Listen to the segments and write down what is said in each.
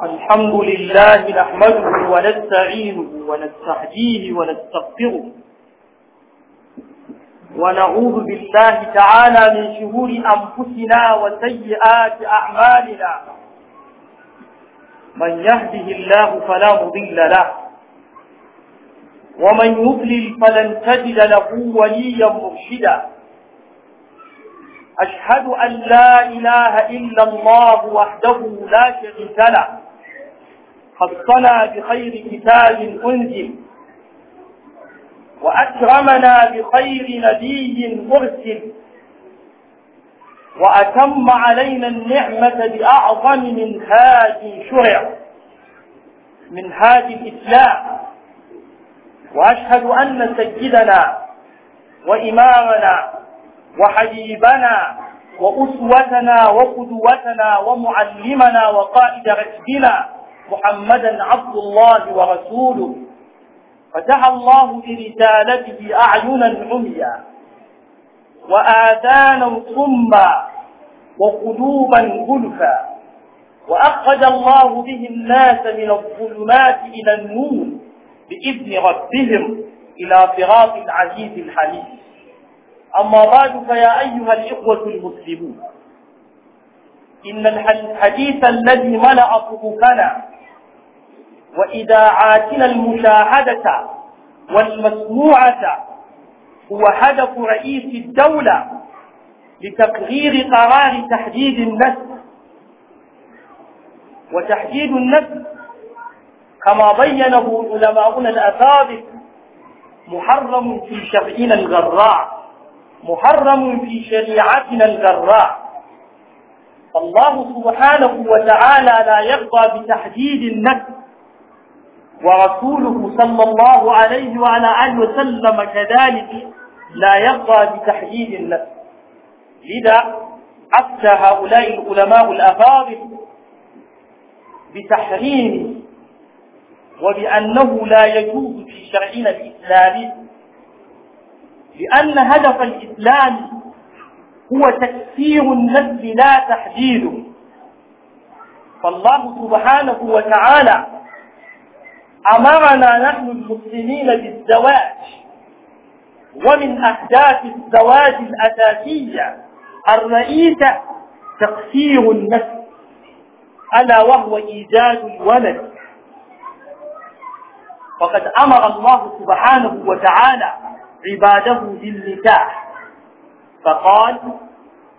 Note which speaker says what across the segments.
Speaker 1: الحمد لله نحمده ونستعينه ونستهديه ونستغفره ونعوذ بالله تعالى من شرور أنفسنا وسيئات أعمالنا من يهده الله فلا مضل له ومن يضلل فلن تجد له وليا مرشدا أشهد أن لا إله إلا الله وحده لا شريك له خصنا بخير كتاب أنزل وأكرمنا بخير نبي أرسل وأتم علينا النعمة بأعظم منهاج شرع منهاج الإسلام وأشهد أن سيدنا وإمامنا وحبيبنا وأسوتنا وقدوتنا ومعلمنا وقائد رشدنا محمدا عبد الله ورسوله فتح الله برسالته أعينا عميا وآذانا صما وقلوبا غلفا وأخرج الله به الناس من الظلمات إلى النور بإذن ربهم إلى صراط العزيز الحميد أما بعد فيا أيها الإخوة المسلمون إن الحديث الذي ملأ صدوقنا وإذاعاتنا المشاهدة والمسموعة هو هدف رئيس الدولة لتقرير قرار تحديد النسل وتحديد النسل كما بينه علماؤنا الأسابق محرم في شرعنا الغراء محرم في شريعتنا الغراء الله سبحانه وتعالى لا يرضى بتحديد النسل ورسوله صلى الله عليه وعلى آله وسلم كذلك لا يرضى بتحييد النفس لذا أفتى هؤلاء العلماء الأفاضل بتحريم وبأنه لا يجوز في شرعنا الإسلامي لأن هدف الإسلام هو تكثير النفس لا تحديده فالله سبحانه وتعالى أمرنا نحن المسلمين بالزواج ومن أهداف الزواج الأساسية الرئيسة تقصير النفس ألا وهو إيجاد الولد وقد أمر الله سبحانه وتعالى عباده بالنكاح فقال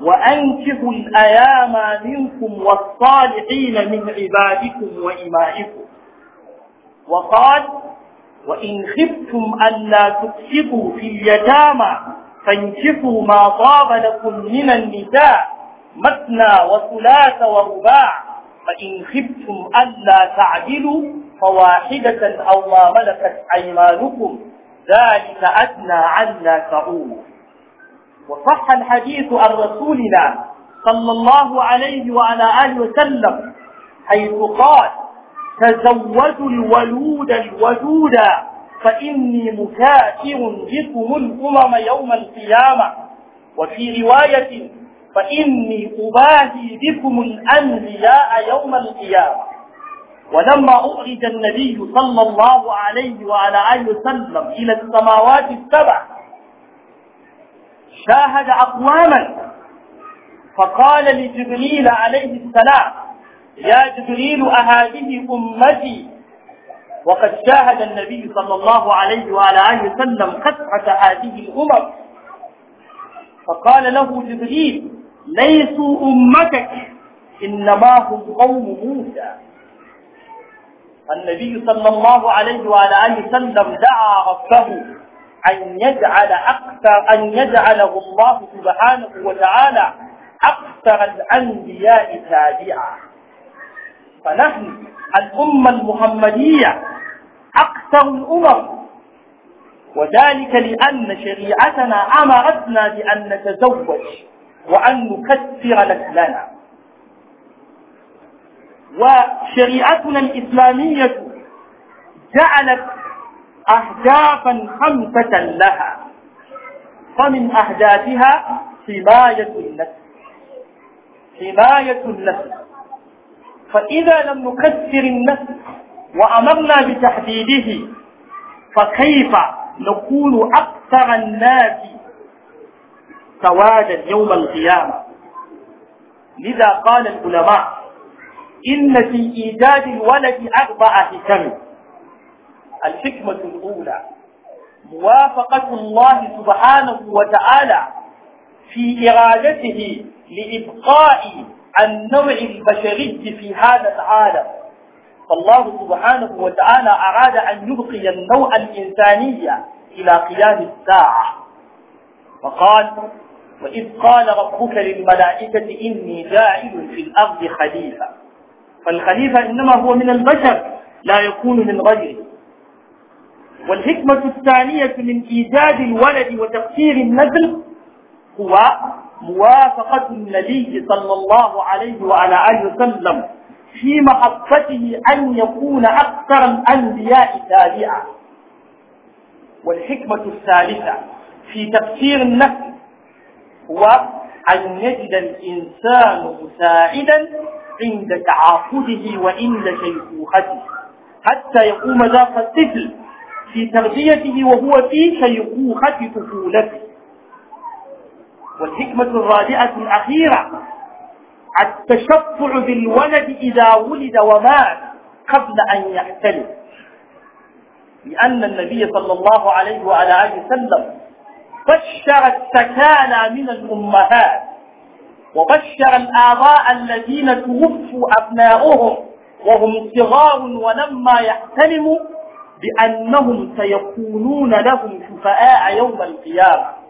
Speaker 1: وأنكحوا الأيام منكم والصالحين من عبادكم وإمائكم وقال وإن خفتم ألا تكسبوا في اليتامى فانكفوا ما طاب لكم من النساء مثنى وثلاث ورباع فإن خفتم ألا تعدلوا فواحدة أو ما ملكت أيمانكم ذلك أدنى عنا تعود وصح الحديث عن رسولنا صلى الله عليه وعلى آله وسلم حيث قال تزودوا الولود الودودا فإني مكافر بكم الأمم يوم القيامة وفي رواية فإني أباهي بكم الأنبياء يوم القيامة ولما أخرج النبي صلى الله عليه وعلى آله وسلم إلى السماوات السبع شاهد أقواما فقال لجبريل عليه السلام يا جبريل أهذه أمتي وقد شاهد النبي صلى الله عليه وعلى آله وسلم قطعة هذه الأمم فقال له جبريل ليسوا أمتك إنما هم قوم موسى النبي صلى الله عليه وعلى آله وسلم دعا ربه أن يجعل أكثر أن يجعله الله سبحانه وتعالى أكثر الأنبياء تابعا فنحن الأمة المحمدية أكثر الأمم وذلك لأن شريعتنا أمرتنا بأن نتزوج وأن نكثر نسلنا وشريعتنا الإسلامية جعلت أهدافا خمسة لها فمن أهدافها حماية النفس حماية النفس فإذا لم نكسر النفس وأمرنا بتحديده فكيف نكون أكثر الناس سوادا يوم القيامة لذا قال العلماء إن في إيجاد الولد أربع حكم الحكمة الأولى موافقة الله سبحانه وتعالى في إرادته لإبقاء النوع البشري في هذا العالم فالله سبحانه وتعالى أراد أن يبقي النوع الإنسانية إلى قيام الساعة فقال وإذ قال ربك للملائكة إني جاعل في الأرض خليفة فالخليفة إنما هو من البشر لا يكون من غيره والحكمة الثانية من إيجاد الولد وتقصير النسل هو موافقة النبي صلى الله عليه وعلى آله وسلم في محبته أن يكون أكثر الأنبياء تابعا والحكمة الثالثة في تفسير النفس هو أن يجد الإنسان مساعدا عند تعاقده وعند شيخوخته حتى يقوم ذاك الطفل في تربيته وهو في شيخوخة طفولته والحكمة الرابعة الأخيرة التشفع بالولد إذا ولد ومات قبل أن يحتلم لأن النبي صلى الله عليه وعلى آله وسلم بشر التكالى من الأمهات وبشر الآباء الذين توفوا أبناؤهم وهم صغار ولما يحتلموا بأنهم سيكونون لهم شفعاء يوم القيامة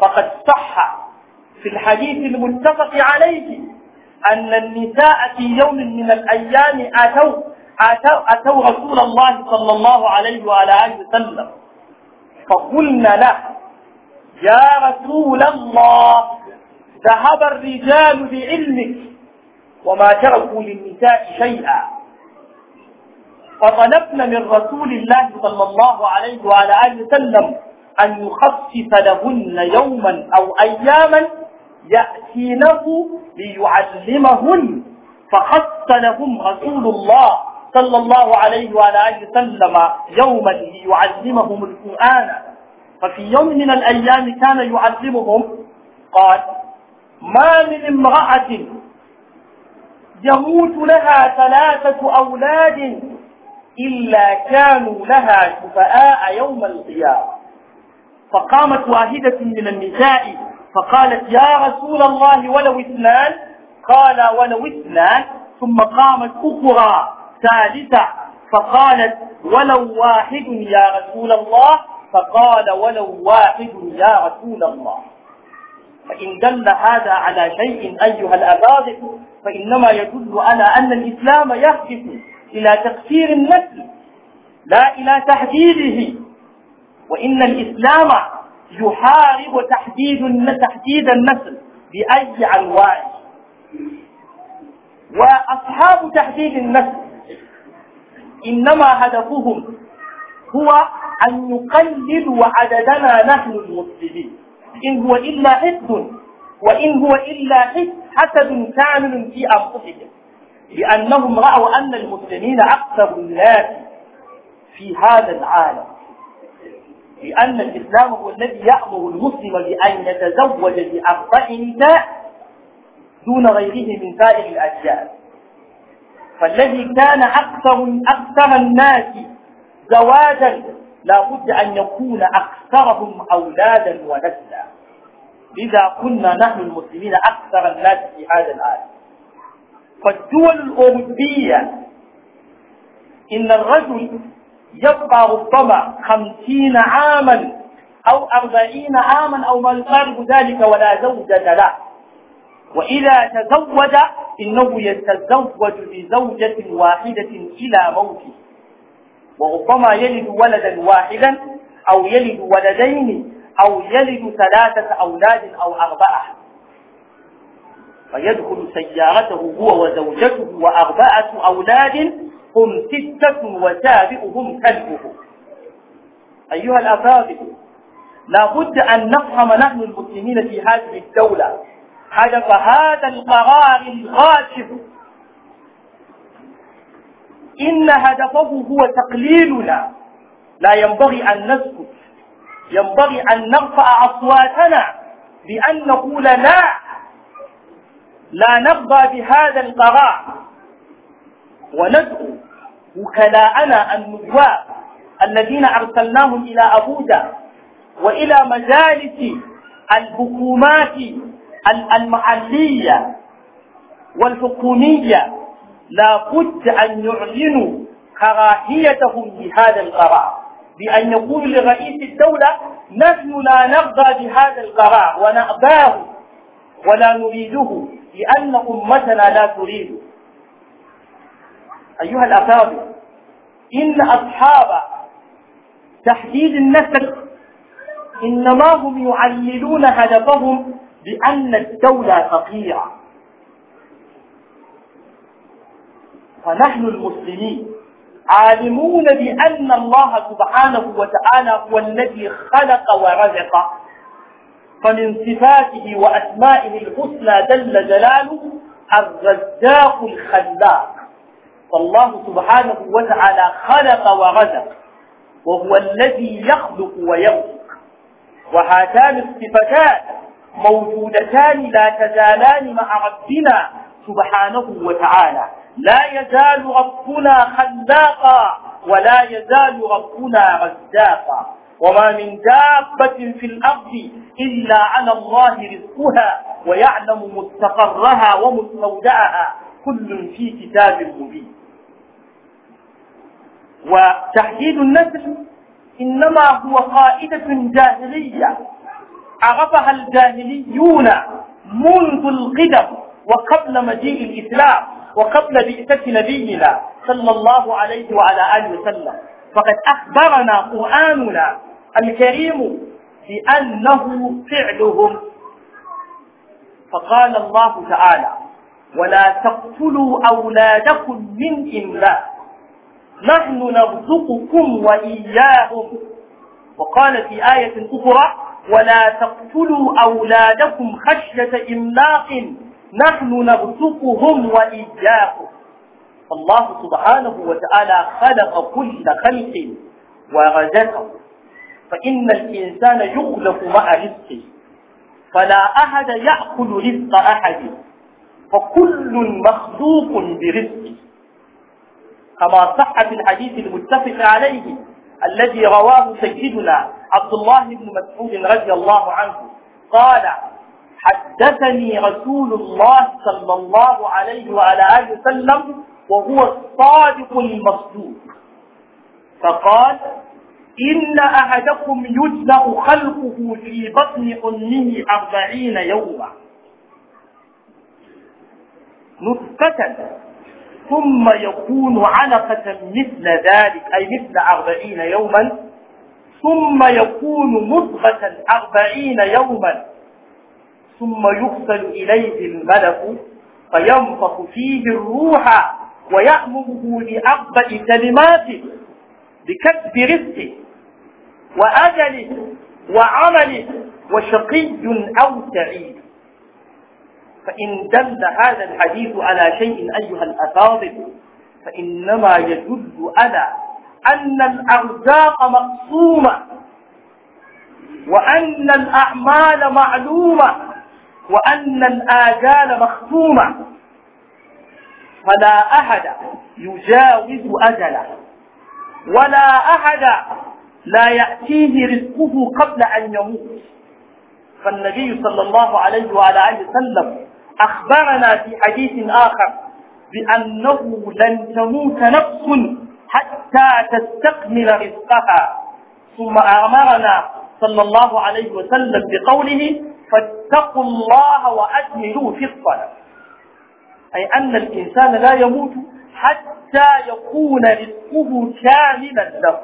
Speaker 1: فقد صح في الحديث المتفق عليه أن النساء في يوم من الأيام أتوا أتوا, أتو رسول الله صلى الله عليه وعلى آله وسلم فقلن له يا رسول الله ذهب الرجال بعلمك وما تركوا للنساء شيئا فطلبنا من رسول الله صلى الله عليه وعلى آله وسلم أن يخفف لهن يوما أو أياما يأتينه ليعلمهن فخص لهم رسول الله صلى الله عليه وعلى آله وسلم يوما ليعلمهم القرآن ففي يوم من الأيام كان يعلمهم قال ما من امرأة يموت لها ثلاثة أولاد إلا كانوا لها شفعاء يوم القيامة فقامت واحدة من النساء فقالت يا رسول الله ولو اثنان قال ولو اثنان ثم قامت أخرى ثالثة فقالت ولو واحد يا رسول الله فقال ولو واحد يا رسول الله فإن دل هذا على شيء أيها الأباضح فإنما يدل على أن الإسلام يهدف إلى تقصير النسل لا إلى تحديده وإن الإسلام يحارب تحديد تحديد النسل بأي أنواعه وأصحاب تحديد النسل إنما هدفهم هو أن يقللوا عددنا نحن المسلمين إن هو إلا حسد وإن هو إلا حسد كامل في أنفسهم لأنهم رأوا أن المسلمين أكثر الناس في هذا العالم لأن الإسلام هو الذي يأمر المسلم بأن يتزوج بأربع نساء دون غيره من سائر الأجيال فالذي كان أكثر أكثر الناس زواجا لا بد أن يكون أكثرهم أولادا ونسلا لذا كنا نحن المسلمين أكثر الناس في هذا العالم فالدول الأوروبية إن الرجل يبقى ربما خمسين عاما أو أربعين عاما أو ما يقارب ذلك ولا زوجة له وإذا تزوج إنه يتزوج بزوجة واحدة إلى موته وربما يلد ولدا واحدا أو يلد ولدين أو يلد ثلاثة أولاد أو أربعة فيدخل سيارته هو وزوجته وأربعة أولاد هم ستة وسابئهم كلبه أيها الأفاضل لابد أن نفهم نحن المسلمين في هذه الدولة حدث هذا القرار الغاشم إن هدفه هو تقليلنا لا ينبغي أن نسكت ينبغي أن نرفع أصواتنا بأن نقول لا لا نرضى بهذا القرار وندعو وكلاءنا النجواء الذين أرسلناهم إلى أبودا وإلى مجالس الحكومات المحلية والحكومية لا بد أن يعلنوا كراهيتهم لهذا القرار بأن يقول لرئيس الدولة نحن لا نرضى بهذا القرار ونأباه ولا نريده لأن أمتنا لا تريده أيها الأفاضل إن أصحاب تحديد النسل إنما هم يعللون هدفهم بأن الدولة فقيرة فنحن المسلمين عالمون بأن الله سبحانه وتعالى هو الذي خلق ورزق فمن صفاته وأسمائه الحسنى جل جلاله الرزاق الخلاق فالله سبحانه وتعالى خلق ورزق وهو الذي يخلق ويرزق وهاتان الصفتان موجودتان لا تزالان مع ربنا سبحانه وتعالى لا يزال ربنا خلاقا ولا يزال ربنا رزاقا وما من دابة في الأرض إلا على الله رزقها ويعلم مستقرها ومستودعها كل في كتاب مبين وتحديد النسل إنما هو قاعدة جاهلية عرفها الجاهليون منذ القدم وقبل مجيء الإسلام وقبل بئسة نبينا صلى الله عليه وعلى آله وسلم فقد أخبرنا قرآننا الكريم بأنه فعلهم فقال الله تعالى ولا تقتلوا أولادكم من إملاك نحن نرزقكم وإياهم وقال في آية أخرى ولا تقتلوا أولادكم خشية إملاق نحن نرزقهم وإياكم الله سبحانه وتعالى خلق كل خلق ورزقه فإن الإنسان يخلق مع رزقه فلا أحد يأكل رزق أحد فكل مخلوق برزقه كما صح في الحديث المتفق عليه الذي رواه سيدنا عبد الله بن مسعود رضي الله عنه قال حدثني رسول الله صلى الله عليه وعلى آله وسلم وهو الصادق المصدوق فقال إن أحدكم يجزأ خلقه في بطن أمه أربعين يوما نطفة ثم يكون علقة مثل ذلك أي مثل أربعين يوما ثم يكون مضغة أربعين يوما ثم يرسل إليه الملك فينفخ فيه الروح ويأمره بأربع كلمات بكتب رزقه وأجله وعمله وشقي أو سعيد فإن دل هذا الحديث على شيء أيها الأفاضل فإنما يدل على أن الأرزاق مقسومة وأن الأعمال معلومة وأن الآجال مختومة فلا أحد يجاوز أجله ولا أحد لا يأتيه رزقه قبل أن يموت فالنبي صلى الله عليه وعلى آله وسلم أخبرنا في حديث آخر بأنه لن تموت نفس حتى تستكمل رزقها ثم أمرنا صلى الله عليه وسلم بقوله فاتقوا الله وأجملوا في الصلاة أي أن الإنسان لا يموت حتى يكون رزقه كاملا له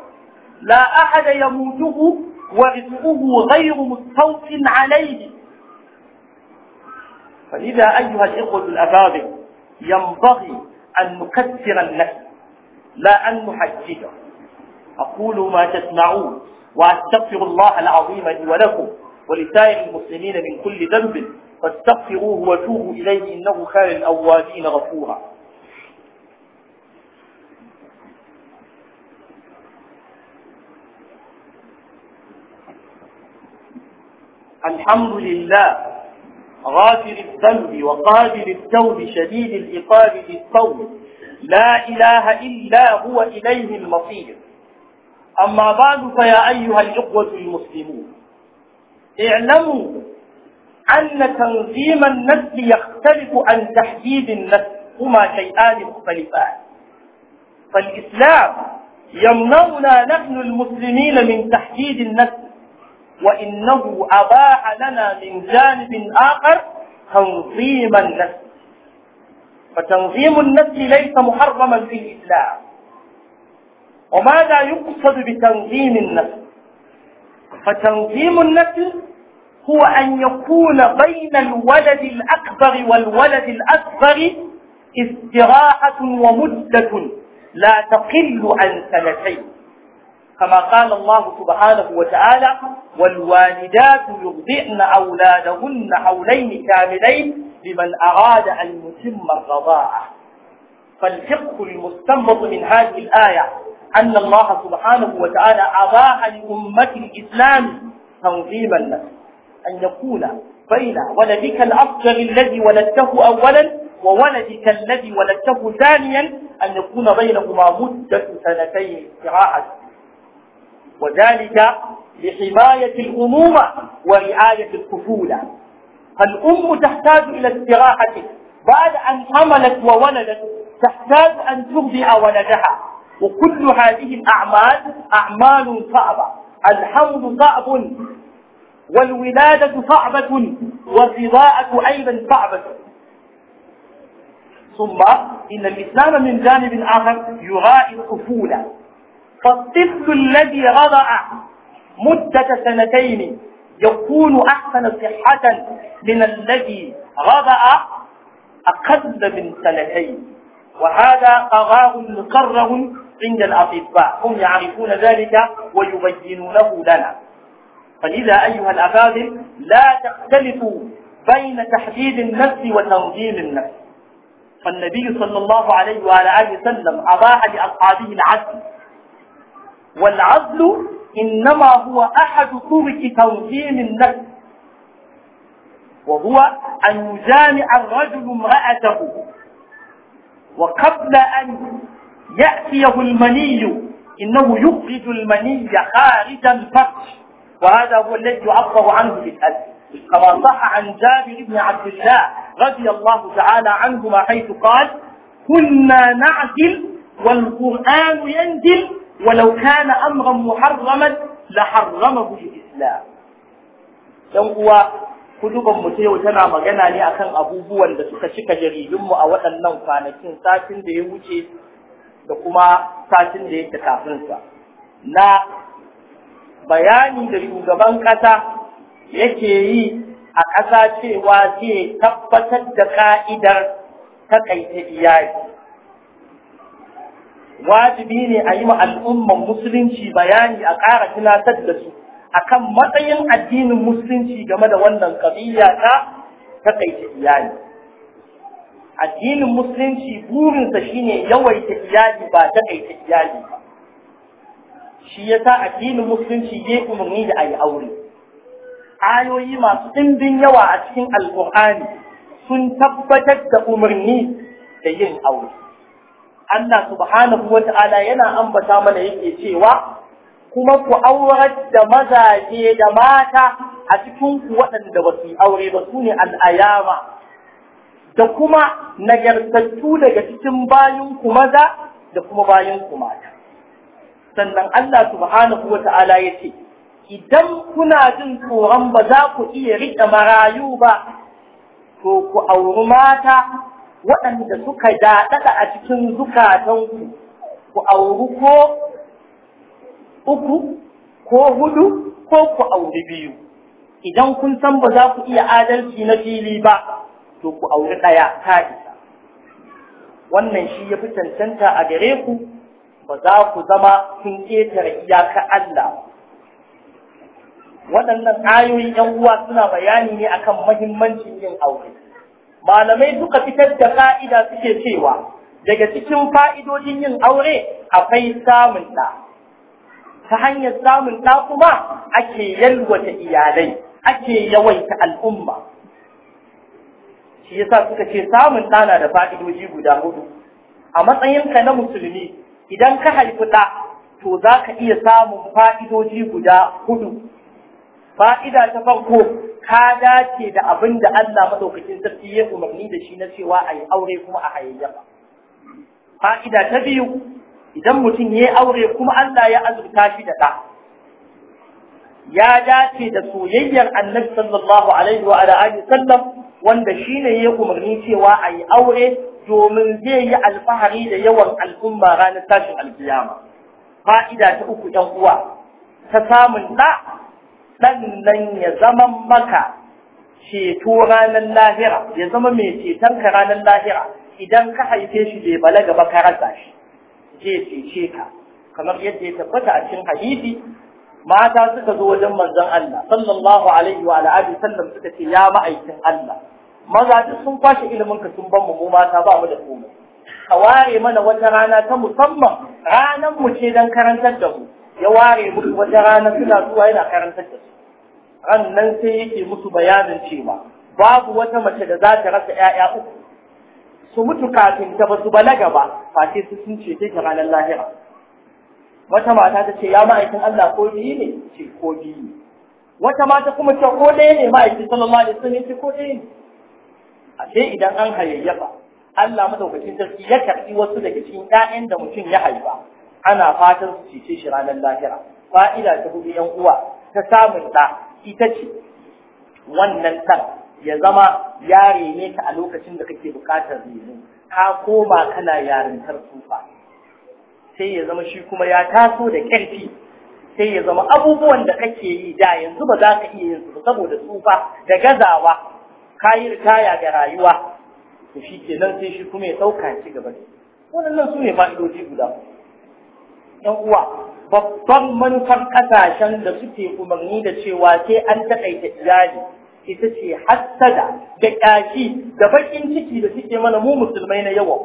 Speaker 1: لا أحد يموته ورزقه غير مستوف عليه فإذا أيها الإخوة الأفاضل ينبغي أن نكثر النفس لا أن نحجده أقول ما تسمعون وأستغفر الله العظيم لي ولكم ولسائر المسلمين من كل ذنب فاستغفروه وتوبوا إليه إنه خير الأوابين غفورا الحمد لله غافر الذنب وقابل التوب شديد العقاب للصوم لا إله إلا هو إليه المصير أما بعد فيا أيها الإخوة المسلمون اعلموا أن تنظيم النسل يختلف عن تحديد النسل هما شيئان مختلفان فالإسلام يمنعنا نحن المسلمين من تحديد النسل وإنه أباح لنا من جانب آخر تنظيم النسل فتنظيم النسل ليس محرما في الإسلام وماذا يقصد بتنظيم النسل فتنظيم النسل هو أن يكون بين الولد الأكبر والولد الأصغر استراحة ومدة لا تقل عن سنتين كما قال الله سبحانه وتعالى والوالدات يرضعن أولادهن حولين كاملين لمن أراد أن يتم الرضاعة فالفقه المستنبط من هذه الآية أن الله سبحانه وتعالى أضاع لأمة الإسلام تنظيم النفس أن يكون بين ولدك الأصغر الذي ولدته أولا وولدك الذي ولدته ثانيا أن يكون بينهما مدة سنتين في وذلك لحماية الأمومة ورعاية الطفولة فالأم تحتاج إلى استراحة بعد أن حملت وولدت تحتاج أن تهدئ ولدها وكل هذه الأعمال أعمال صعبة الحمل صعب والولادة صعبة والرضاعة أيضا صعبة ثم إن الإسلام من جانب آخر يراعي الطفولة فالطفل الذي رضع مدة سنتين يكون أحسن صحة من الذي رضع أقل من سنتين وهذا قرار مقرر عند الأطباء هم يعرفون ذلك ويبينونه لنا فلذا أيها الأفاضل لا تختلفوا بين تحديد النفس وتنظيم النفس فالنبي صلى الله عليه وعلى آله وسلم أضاع لأصحابه العدل والعدل إنما هو أحد طرق تنظيم النفس وهو أن يجامع الرجل امرأته وقبل أن يأتيه المني إنه يخرج المني خارج الفرج وهذا هو الذي يعبر عنه بالألف كما صح عن جابر بن عبد الله رضي الله تعالى عنهما حيث قال كنا نعدل والقرآن ينزل ولو كان أمرا محرما لحرمه الإسلام dan uwa kuduban mu yau tana magana ne akan abubuwan da suka cika jaridunmu a waɗannan kwanakin satin da ya wuce da kuma satin da yake kafin sa na bayani da shugaban ƙasa yake yi a ƙasa cewa zai tabbatar da ka'idar takaita iyali wajibi ne a yi wa al'umman musulunci bayani a ƙara tunatar da su a kan matsayin addinin musulunci game da wannan kabila ta takaita iyali addinin musulunci burinsa shine yawaita iyali ba takaita iyali ba shi ya sa addinin musulunci ya umarni da a yi aure ayoyi masu ɗimbin yawa a cikin alƙur'ani sun tabbatar da umarni da yin aure Allah subhanahu wa ta'ala yana ambata mana yake cewa kuma ku aurar da mazaje da mata a cikin ku waɗanda ba su aure ba su ne al'ayama da kuma nagartattu daga cikin bayan ku maza da kuma bayan ku mata sannan Allah subhanahu wa ta'ala ya ce idan kuna jin tsoron ba za ku iya riƙe marayu ba to ku auri mata waɗanda suka daɗaɗa a cikin zukatanku ku auri ko uku ko hudu ko ku auri biyu idan kun san ba za ku iya adalci na fili ba to ku auri ɗaya ta isa wannan shi ya fi cancanta a gare ku ba za ku zama sun ƙetare iyaka Allah waɗannan ayoyin ‘yan uwa suna bayani ne akan mahimmancin yin aure malamai duka fitar da fa'ida suke cewa daga cikin fa'idodin yin aure akwai samun ɗa ta hanyar samun ɗa kuma ake yalwata iyalai ake yawaita al'umma shi yasa suka ce samun ɗa na da fa'idoji guda hudu a matsayinka na musulmi idan ka haifi ɗa to za ka iya samun fa'idoji guda hudu fa'ida ta farko ka dace da abin da Allah madaukakin sarki ya umarni da shi na cewa a yi aure kuma a hayayyafa fa'ida ta biyu idan mutum ya yi aure kuma Allah ya azurta shi da ɗa ya dace da soyayyar annabi sallallahu alaihi wa alihi sallam wanda shine ya umarni cewa a yi aure domin zai yi alfahari da yawan al'umma ranar tashin alkiyama fa'ida ta uku 'yan uwa ta samun ɗa sannan ya zama maka ceto ranar lahira ya zama mai ceton ka ranar lahira idan ka haife shi bai balaga ba ka rasa shi zai cece ka kamar yadda ya tabbata a cikin hadisi mata suka zo wajen manzon Allah sallallahu alaihi wa al'adu sallam suka ce ya ma'aikin Allah maza duk sun kwashe ilimin ka sun ban mu mata ba mu da komai ka ware mana wata rana ta musamman ranar mu ce dan karantar da mu ya ware mu wata rana suna zuwa yana karantar da su rannan sai yake musu bayanin cewa babu wata mace da za ta rasa ‘ya'ya uku su mutu kafin ta ba su balaga ba face su sun ce ta ranar lahira wata mata ta ce ya ma'aikin Allah ko biyu ne ce ko biyu ne wata mata kuma ce ko ɗaya ne ma'aikin sallallahu alaihi wasallam ce ko ɗaya ne ashe idan an hayayyafa Allah madaukakin sarki ya karɓi wasu daga cikin ‘ya'yan da mutum ya haifa ana fatan su cece shi ranar lahira fa'ida ta hudu ‘yan uwa ta samun ɗa ita ce wannan ɗan ya zama ya ne ka a lokacin da kake bukatar nemo ka koma kana yarintar tsufa sai ya zama shi kuma ya taso da ƙarfi sai ya zama abubuwan da kake yi da yanzu ba za ka iya yin su saboda tsufa da gazawa ka yi ritaya ga rayuwa to shi kenan sai shi kuma ya sauka ci gaba wannan su ne fa'idoji guda ɗan uwa babban manufar ƙasashen da suke umarni da cewa sai an taƙaita iyali ita ce hassada da ƙyashi da baƙin ciki da suke mana mu musulmai na yawa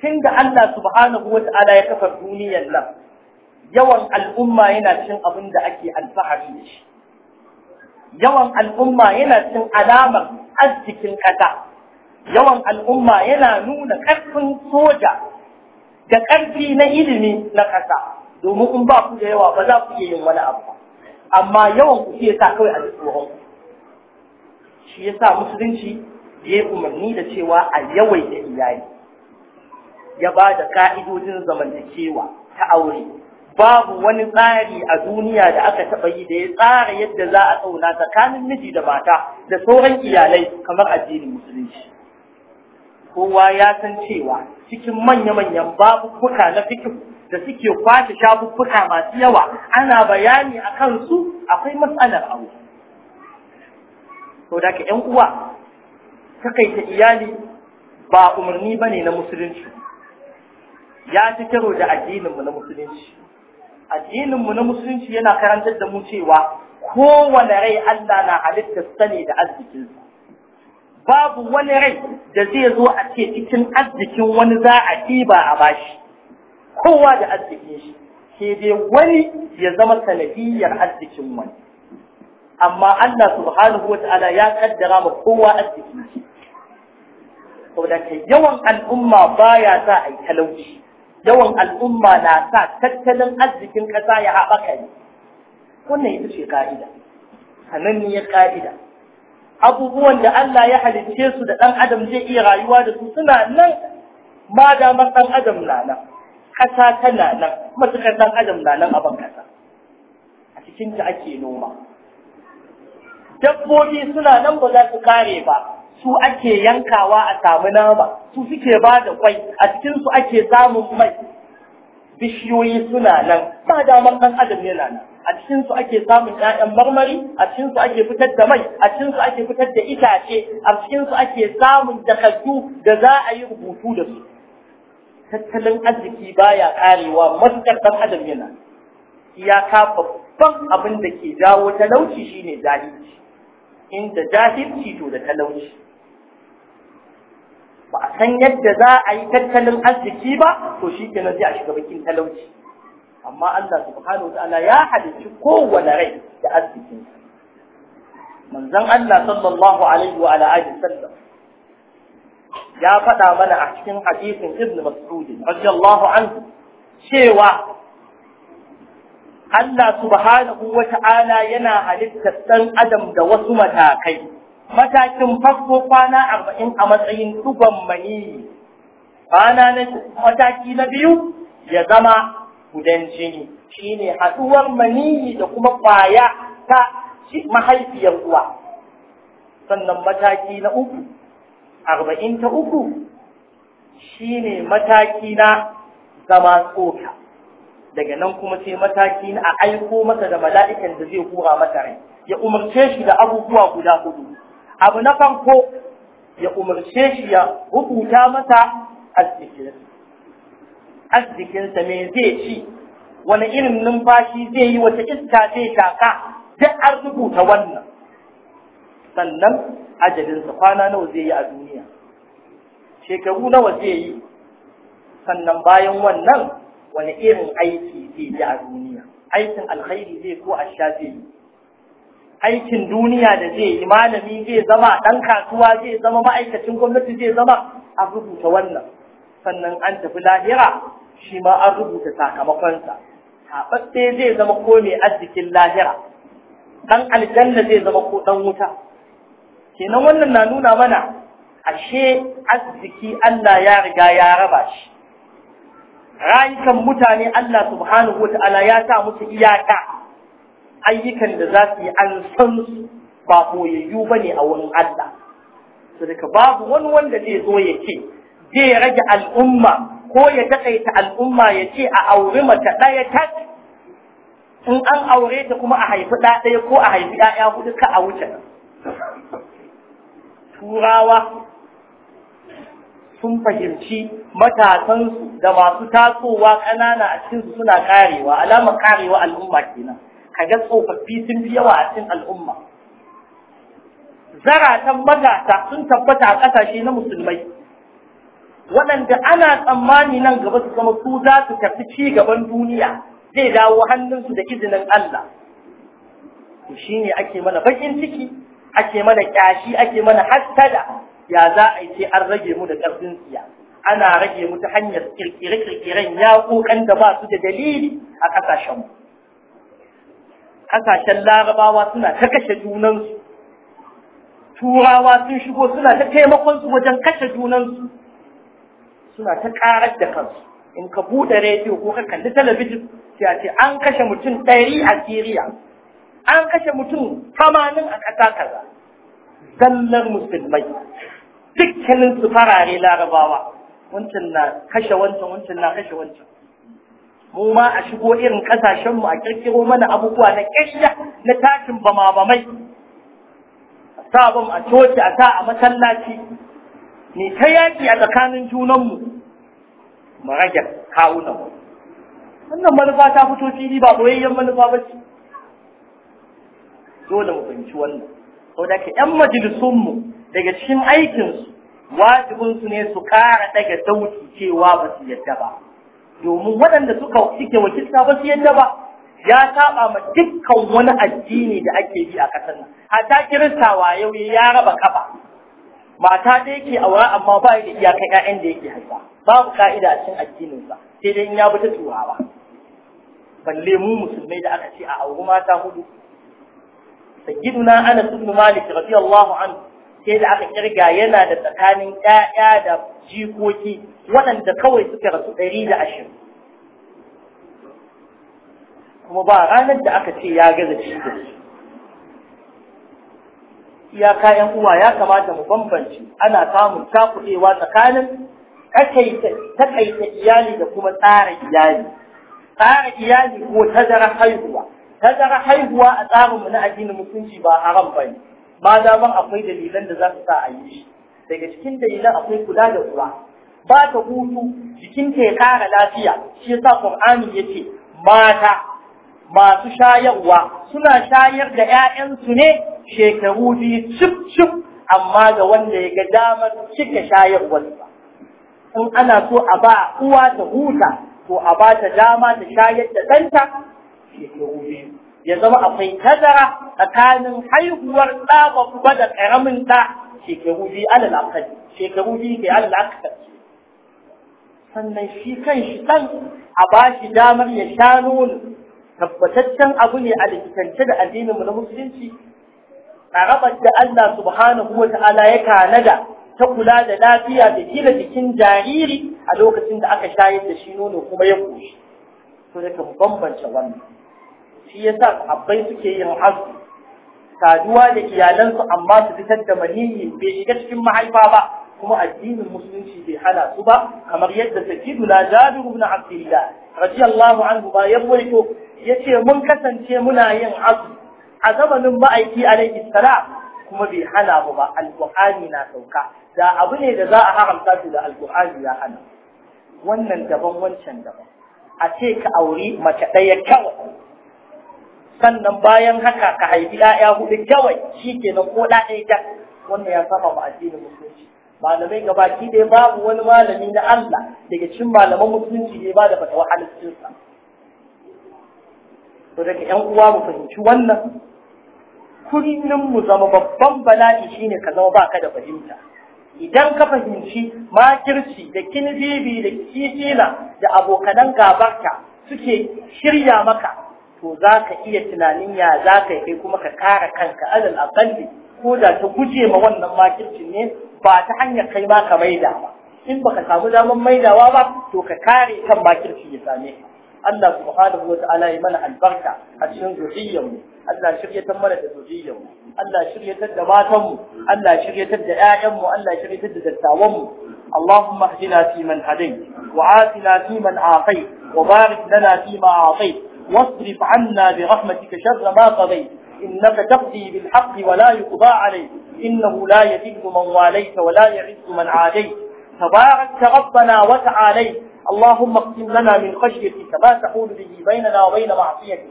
Speaker 1: tun da Allah subhanahu wa ta'ala ya kafa duniyar nan yawan al'umma yana cin abin da ake alfahari da shi yawan al'umma yana cin alamar arzikin ƙasa yawan al'umma yana nuna ƙarfin soja da ƙarfi na ilimi na ƙasa domin in ba ku da yawa ba za ku iya yin wani abu amma yawan ku ke sa kawai a ji shi ya sa musulunci ya yi umarni da cewa a yawai da iyali ya ba da ka'idojin zamantakewa ta aure babu wani tsari a duniya da aka taɓa yi da ya tsara yadda za a tsauna tsakanin miji da mata da sauran iyalai kamar addinin musulunci kowa ya san cewa cikin manya-manyan babukuka na fikin da suke kwashe kuka masu yawa ana bayani a kansu akwai matsalar aure. Sau da ‘yan uwa, takaita iyali ba umarni ba ne na musulunci, ya ci kero da addininmu na musulunci. Addininmu na musulunci yana karantar da mu cewa kowane rai Allah na halittar sani da arzikinsa. babu wani rai da zai zo a ce cikin arzikin wani za a ɗiba a bashi kowa da arzikin shi ke dai wani ya zama sanadiyyar arzikin wani amma Allah subhanahu wa ta'ala ya kaddara ma kowa arziki saboda kai yawan al'umma baya sa yi talauci yawan al'umma na sa tattalin arzikin ƙasa ya haɓaka ne wannan ita ce ka'ida ya ka'ida abubuwan da Allah ya halicce su da ɗan adam zai iya rayuwa da su suna nan ma ɗan adam na nan ƙasa tana nan matuƙar ɗan adam na nan a ban ƙasa a cikin ta ake noma dabbobi suna nan ba za su kare ba su ake yankawa a samu nama su suke ba da kwai a cikin su ake samun mai bishiyoyi suna nan ba damar ɗan adam yana nan a cikinsu ake samun ƴaƴan marmari a cikinsu ake fitar da mai a cikinsu ake fitar da itace a cikinsu ake samun takardu da za a yi rubutu da su tattalin arziki baya karewa matuƙar ɗan adam yana iyaka babban abin da ke jawo talauci shine jahilci inda jahilci to da talauci ba a san yadda za a yi tattalin arziki ba to shi ke sai a shiga bakin talauci amma Allah subhanahu wataala ya halicci kowane rai da arzikin Manzan Allah sallallahu alaihi wa ala sallam ya faɗa mana a cikin hadisin Ibn Masudin. radiyallahu anhu cewa Allah subhanahu wata'ala yana halittar ɗan adam da wasu matakai matakin farko kwana arba'in a matsayin dugon mani kwana na mataki na biyu ya zama gudan jini shine haɗuwar maniyi da kuma kwaya ta mahaifiyar uwa sannan mataki na uku arba'in ta uku shine mataki na zama tsoka daga nan kuma sai mataki na a aiko masa da mala'ikan da zai kura masa rai ya umarce shi da abubuwa guda hudu abu na farko ya umarce shi ya rubuta masa azzikir arzikinsa me zai ci wani irin numfashi zai yi wata iska zai shaka da an rubuta wannan sannan ajalinsa kwana nawa zai yi a duniya shekaru nawa zai yi sannan bayan wannan wani irin aiki zai yi a duniya aikin alkhairi zai ko asha zai yi aikin duniya da zai yi malami zai zama ɗan kasuwa zai zama ma'aikacin gwamnati zai zama a rubuta wannan sannan an tafi lahira shi ma an rubuta sakamakonsa taɓaɓɓe zai zama ko mai arzikin lahira ɗan aljanna zai zama ko ɗan wuta kenan wannan na nuna mana ashe arziki Allah ya riga ya raba shi rayukan mutane Allah subhanahu wata'ala ya sa musu iyaka ayyukan da za su yi an san su ba koyayyu ba ne a wurin Allah. Sadaka babu wani wanda zai zo ya ce zai rage al'umma ko ya taƙaita al'umma ya ce a auri mace ɗaya ta in an aure ta kuma a haifi ɗaya ko a haifi ɗaya hudu ka a wuce turawa sun fahimci matasansu da masu tasowa ƙanana a cikinsu suna ƙarewa, alamar karewa al'umma kenan kaga tsofaffi sun fi yawa a cikin al'umma zaratan matasa sun tabbata a ƙasashe na musulmai waɗanda ana tsammani nan gaba su zama su za su tafi ci gaban duniya zai dawo hannunsu da izinin Allah to shine ake mana bakin ciki ake mana kyashi ake mana hastada ya za a yi an rage mu da ƙarfin tsiya ana rage mu ta hanyar kirkire-kirkiren yaƙoƙan da ba su da dalili a ƙasashen mu ƙasashen larabawa suna ta kashe junansu turawa sun shigo suna ta taimakon su wajen kashe junansu suna ta karar da kansu in ka bude rediyo ko ka kalli talabijin sai a ce an kashe mutum ɗari a Siriya an kashe mutum tamanin a ƙasa kaza gallar musulmai dukkanin su farare larabawa wancan na kashe wancan wancan na kashe wancan mu ma a shigo irin mu a kirkiro mana abubuwa na ƙirya na tashin bama bamai a a coci a sa a masallaci ni ta yaki a tsakanin junanmu mu rage kawunanmu wannan manufa ta fito fili ba boyayyen manufa ba ce dole mu fahimci wannan da ka yan majalisunmu daga cikin aikinsu wajibinsu ne su kara daga sauti cewa ba su yadda ba domin waɗanda suka suke wakilta ba su yadda ba ya saba ma dukkan wani addini da ake yi a ƙasar nan hatta kiristawa yau ya raba kafa mata da yake aure amma ba da iyaka ƴaƴan da yake haifa babu ka'ida a cikin sa sai dai in ya bi ta turawa balle mu musulmai da aka ce a auri mata hudu sayyiduna anas ibn malik radiyallahu anhu sai da aka kirga yana da tsakanin ƴaƴa da jikoki waɗanda kawai suka rasu ɗari da ashirin kuma ba ranar da aka ce ya gaza cikin ya kayan uwa ya kamata mu bambance ana samun takuɗewa tsakanin takaita iyali da kuma tsara iyali tsara iyali ko tazara haihuwa tazara haihuwa a tsarinmu na addinin musulunci ba haram ba ne ma akwai dalilan da za su sa a yi shi daga cikin dalilan akwai kula da uwa ba ta hutu jikinta ya kara lafiya shi yasa qur'ani yace mata masu shayarwa suna shayar da 'ya'yansu ne shekaru biyu cif cif amma ga wanda ya ga damar cika shayarwarsa in ana so a ba uwa ta huta to a ba ta dama ta shayar da ɗanta shekaru biyu ya zama akwai tazara tsakanin haihuwar ɗa babba da ƙaramin ɗa shekaru biyu alal akali shekaru biyu ke alal akali sannan shi kan shi ɗan a ba shi damar ya sha nono tabbataccen abu ne a likitance da addininmu na musulunci tsarabar da Allah subhanahu wa ta'ala ya kanada ta kula da lafiya da gina jikin jariri a lokacin da aka shayar da shi nono kuma ya koshi to da kan bambance wannan shi yasa sahabbai suke yin azu saduwa da iyalansu amma su fitar da maniyyi bai shiga cikin mahaifa ba kuma addinin musulunci bai hana su ba kamar yadda sakidu la jabiru ibn Abdullahi radiyallahu anhu ba ya ya ce mun kasance muna yin azu a zamanin ma'aiki a laifin salam kuma bai hana mu ba alqur'ani na sauka da abu ne da za a haramta su da alqur'ani ya hana wannan daban wancan daban a ce ka auri mace ɗaya kawai sannan bayan haka ka haifi ɗaya hudu kawai shi ke nan ko ɗaya ɗaya wannan ya saba ba addinin musulunci malamai gabaki ɗaya babu wani malami na Allah daga cikin malaman musulunci ne ba da fatawa halittinsa to daga ƴan uwa mu fahimci wannan kullum mu zama babban bala'i shine ka zama baka da fahimta idan ka fahimci makirci da kinbibi da kifila da abokanan gabarka suke shirya maka to za ka iya tunanin ya za ka yi kuma ka kara kanka alal aqalli ko da ta guje ma wannan makircin ne ba ta hanyar kai ba ka maida ba in baka samu damar maidawa ba to ka kare kan makirci ya same ka Allah subhanahu wata'ala ya mana albarka a cikin zuriyar mu Allah shiryatar mana da zuriyar mu Allah shiryatar da matan mu Allah shiryatar da ƴaƴan mu Allah shiryatar da dattawan mu اللهم اهدنا فيمن هديت وعافنا فيمن عافيت وبارك لنا فيما أعطيت واصرف عنا برحمتك شر ما قضيت إنك تقضي بالحق ولا يقضى عليك إنه لا يذل من واليت ولا يعز من عاديت تبارك ربنا وتعاليت اللهم اقسم لنا من خشيتك ما تحول به بيننا وبين معصيتك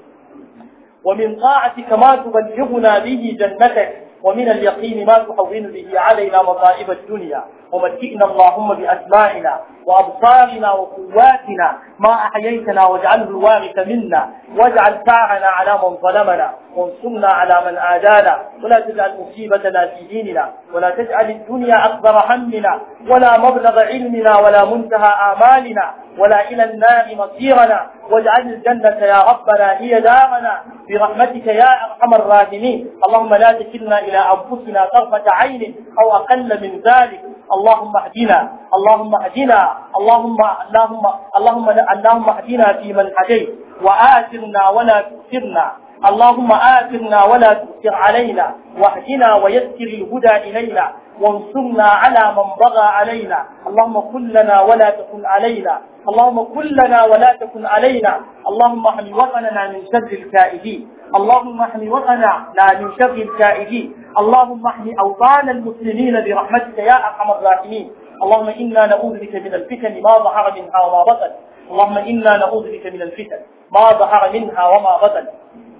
Speaker 1: ومن طاعتك ما تبلغنا به جنتك ومن اليقين ما تحول به علينا مصائب الدنيا ومتئنا اللهم بأسمائنا وأبصارنا وقواتنا ما أحييتنا واجعله الوارث منا واجعل ساعنا على من ظلمنا وانصرنا على من آدانا ولا تجعل مصيبتنا في ديننا ولا تجعل الدنيا أكبر همنا ولا مبلغ علمنا ولا منتهى آمالنا ولا إلى النار مصيرنا واجعل الجنة يا ربنا هي دارنا برحمتك يا أرحم الراحمين اللهم لا تكلنا إلى أنفسنا طرفة عين أو أقل من ذلك اللهم اهدنا اللهم اهدنا اللهم اللهم اللهم اللهم اهدنا فيمن هديت وآثرنا ولا تؤثرنا اللهم آتنا ولا تؤثر علينا واهدنا ويسر الهدى إلينا وانصرنا على من بغى علينا اللهم كن لنا ولا تكن علينا اللهم كن لنا ولا تكن علينا اللهم احمي وطننا من شر الكائدين اللهم احمي وطننا لا من شر الكائدين اللهم احمي أوطان المسلمين برحمتك يا أرحم الراحمين اللهم إنا نعوذ بك من الفتن ما ظهر منها وما بطن اللهم إنا نعوذ بك من الفتن ما ظهر منها وما بطن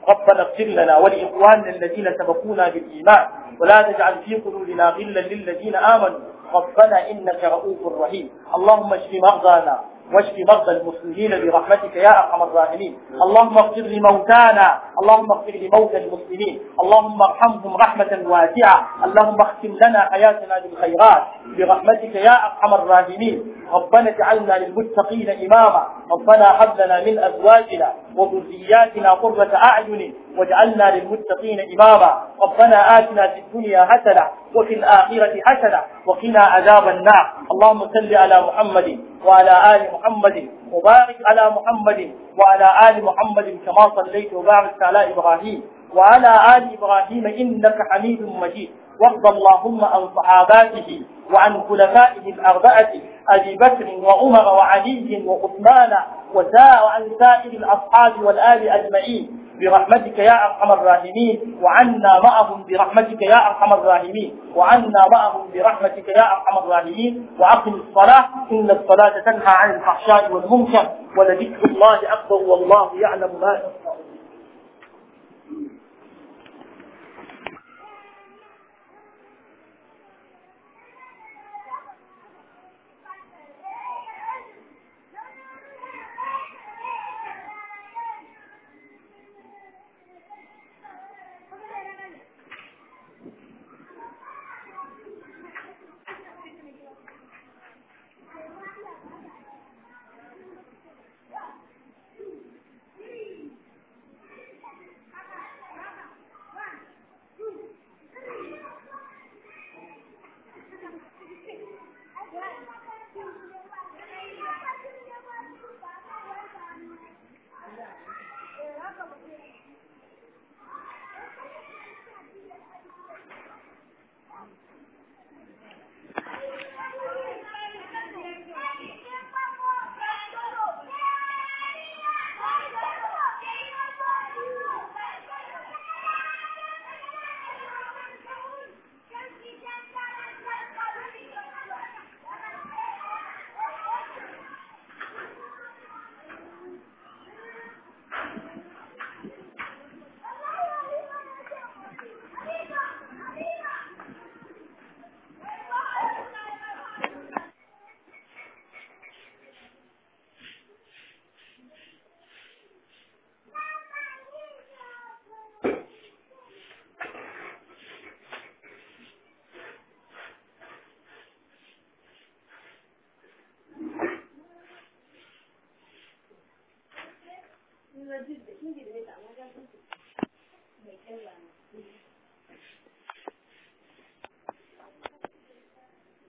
Speaker 1: ربنا اغفر لنا ولإخواننا الذين سبقونا بالإيمان ولا تجعل في قلوبنا غلا للذين آمنوا ربنا إنك رؤوف رحيم اللهم اشف مرضانا واشف مرضى المسلمين برحمتك يا ارحم الراحمين اللهم اغفر لموتانا اللهم اغفر لموتى المسلمين اللهم ارحمهم رحمه واسعه اللهم اختم لنا حياتنا بالخيرات برحمتك يا ارحم الراحمين ربنا اجعلنا للمتقين إماما ربنا هب لنا من أزواجنا وذرياتنا قرة أعين واجعلنا للمتقين إماما ربنا آتنا في الدنيا حسنة وفي الآخرة حسنة وقنا عذاب النار اللهم صل على محمد وعلى آل محمد وبارك على محمد وعلى آل محمد كما صليت وباركت على إبراهيم وعلى آل إبراهيم إنك حميد مجيد وارض اللهم عن صحاباته وعن خلفائه الأربعة أبي بكر وعمر وعلي وعثمان وزاء عن سائر الأصحاب والآل أجمعين برحمتك يا أرحم الراحمين وعنا معهم برحمتك يا أرحم الراحمين وعنا معهم برحمتك يا أرحم الراحمين وأقم الصلاة إن الصلاة تنهى عن الفحشاء والمنكر ولذكر الله أكبر والله يعلم ما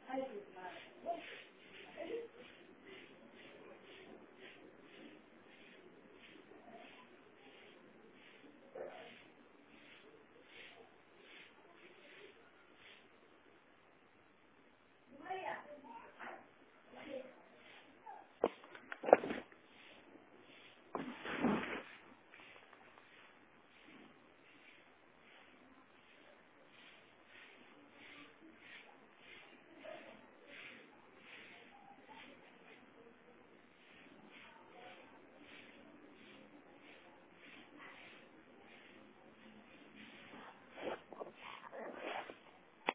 Speaker 1: Thank you.